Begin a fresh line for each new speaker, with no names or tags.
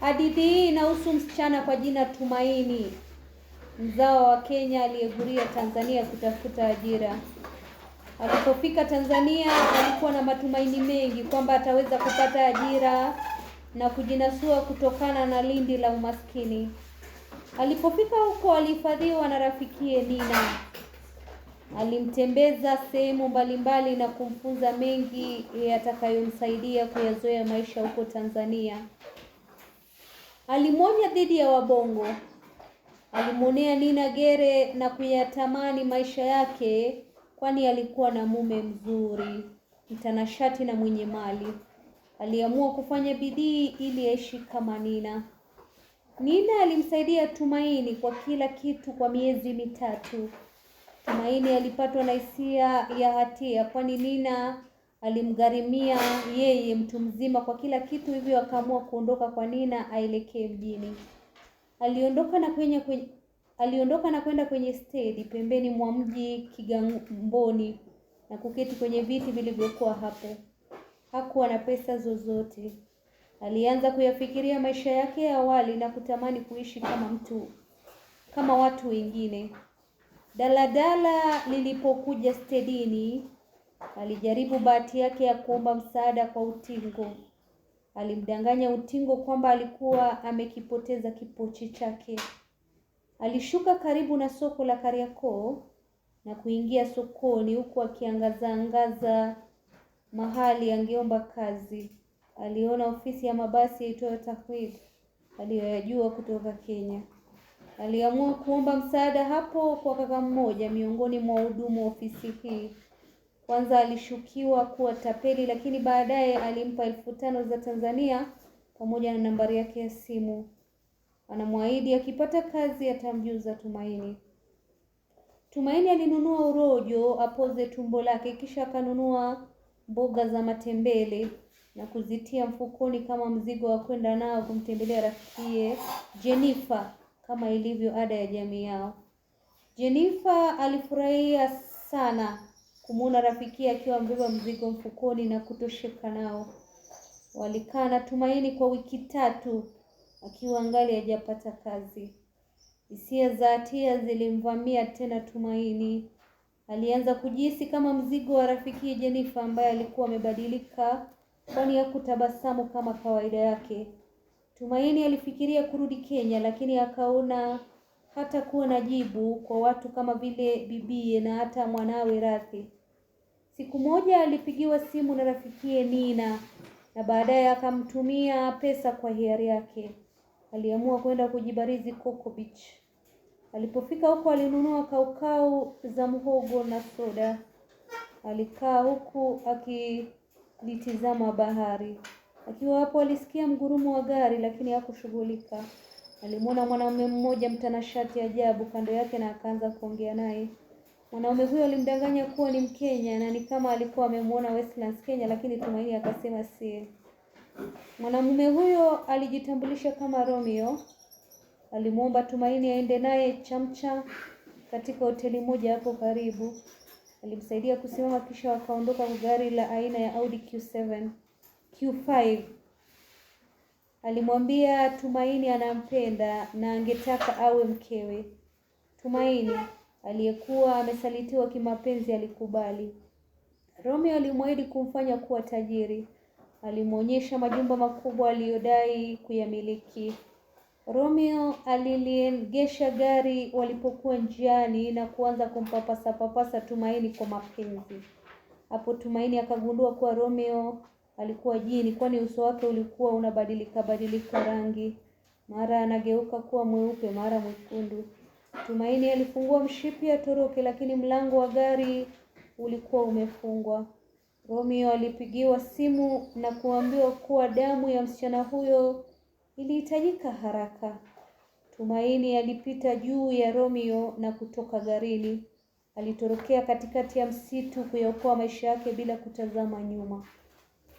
Hadithi hii inahusu msichana kwa jina Tumaini, mzao wa Kenya aliyeguria Tanzania kutafuta ajira. Alipofika Tanzania, alikuwa na matumaini mengi kwamba ataweza kupata ajira na kujinasua kutokana na lindi la umaskini. Alipofika huko, alihifadhiwa na rafikiye Nina Alimtembeza sehemu mbalimbali na kumfunza mengi yatakayomsaidia kuyazoea maisha huko Tanzania. Alimwonya dhidi ya wabongo, alimwonea Nina Gere na kuyatamani maisha yake, kwani alikuwa na mume mzuri, mtanashati na mwenye mali. Aliamua kufanya bidii ili aishi kama Nina. Nina alimsaidia Tumaini kwa kila kitu kwa miezi mitatu. Tumaini alipatwa na hisia ya hatia, kwani Nina alimgharimia yeye mtu mzima kwa kila kitu, hivyo akaamua kuondoka kwa Nina aelekee mjini. Aliondoka na kwenye, kwenye aliondoka na kwenda kwenye stedi pembeni mwa mji Kigamboni na kuketi kwenye viti vilivyokuwa hapo. Hakuwa na pesa zozote. Alianza kuyafikiria maisha yake ya awali na kutamani kuishi kama mtu kama watu wengine. Daladala lilipokuja stedini, alijaribu bahati yake ya kuomba msaada kwa utingo. Alimdanganya utingo kwamba alikuwa amekipoteza kipochi chake. Alishuka karibu na soko la Kariakoo na kuingia sokoni, huku akiangazaangaza mahali angeomba kazi. Aliona ofisi ya mabasi yaitwayo Takwid aliyoyajua kutoka Kenya aliamua kuomba msaada hapo kwa kaka mmoja miongoni mwa wahudumu wa ofisi hii. Kwanza alishukiwa kuwa tapeli, lakini baadaye alimpa elfu tano za Tanzania pamoja na nambari yake ya simu. Anamwahidi akipata kazi atamjuza Tumaini. Tumaini alinunua urojo apoze tumbo lake, kisha akanunua mboga za matembele na kuzitia mfukoni kama mzigo wa kwenda nao kumtembelea rafikiye Jenifa kama ilivyo ada ya jamii yao. Jenifa alifurahia sana kumwona rafiki akiwa amebeba mzigo mfukoni na kutosheka nao. Walikaa na Tumaini kwa wiki tatu akiwa angali hajapata kazi. Hisia za hatia zilimvamia tena Tumaini. Alianza kujihisi kama mzigo wa rafiki Jenifa ambaye alikuwa amebadilika, kwani hakutabasamu kama kawaida yake. Tumaini alifikiria kurudi Kenya lakini akaona hata kuwa na jibu kwa watu kama vile bibie na hata mwanawe Rathi. Siku moja alipigiwa simu na rafikie Nina na baadaye akamtumia pesa kwa hiari yake. Aliamua kwenda kujibarizi Coco Beach. Alipofika huko alinunua kaukau za mhogo na soda. Alikaa huku akilitizama bahari. Akiwa hapo alisikia mgurumo wa gari, lakini hakushughulika. Alimwona mwanaume mmoja mtanashati ajabu kando yake na akaanza kuongea naye. Mwanaume huyo alimdanganya kuwa ni Mkenya na ni kama alikuwa amemwona Westlands Kenya, lakini Tumaini akasema si. Mwanamume huyo alijitambulisha kama Romeo. Alimwomba Tumaini aende naye chamcha katika hoteli moja hapo karibu. Alimsaidia kusimama kisha wakaondoka kwa gari la aina ya Audi Q7. Q5 alimwambia Tumaini anampenda na angetaka awe mkewe. Tumaini aliyekuwa amesalitiwa kimapenzi alikubali. Romeo alimwahidi kumfanya kuwa tajiri. Alimwonyesha majumba makubwa aliyodai kuyamiliki. Romeo aliliegesha gari walipokuwa njiani na kuanza kumpapasa papasa Tumaini kwa mapenzi. Hapo Tumaini akagundua kuwa Romeo Alikuwa jini, kwani uso wake ulikuwa unabadilika badilika rangi, mara anageuka kuwa mweupe, mara mwekundu. Tumaini alifungua mshipi atoroke, lakini mlango wa gari ulikuwa umefungwa. Romeo alipigiwa simu na kuambiwa kuwa damu ya msichana huyo ilihitajika haraka. Tumaini alipita juu ya Romeo na kutoka garini. Alitorokea katikati ya msitu kuyaokoa maisha yake bila kutazama nyuma.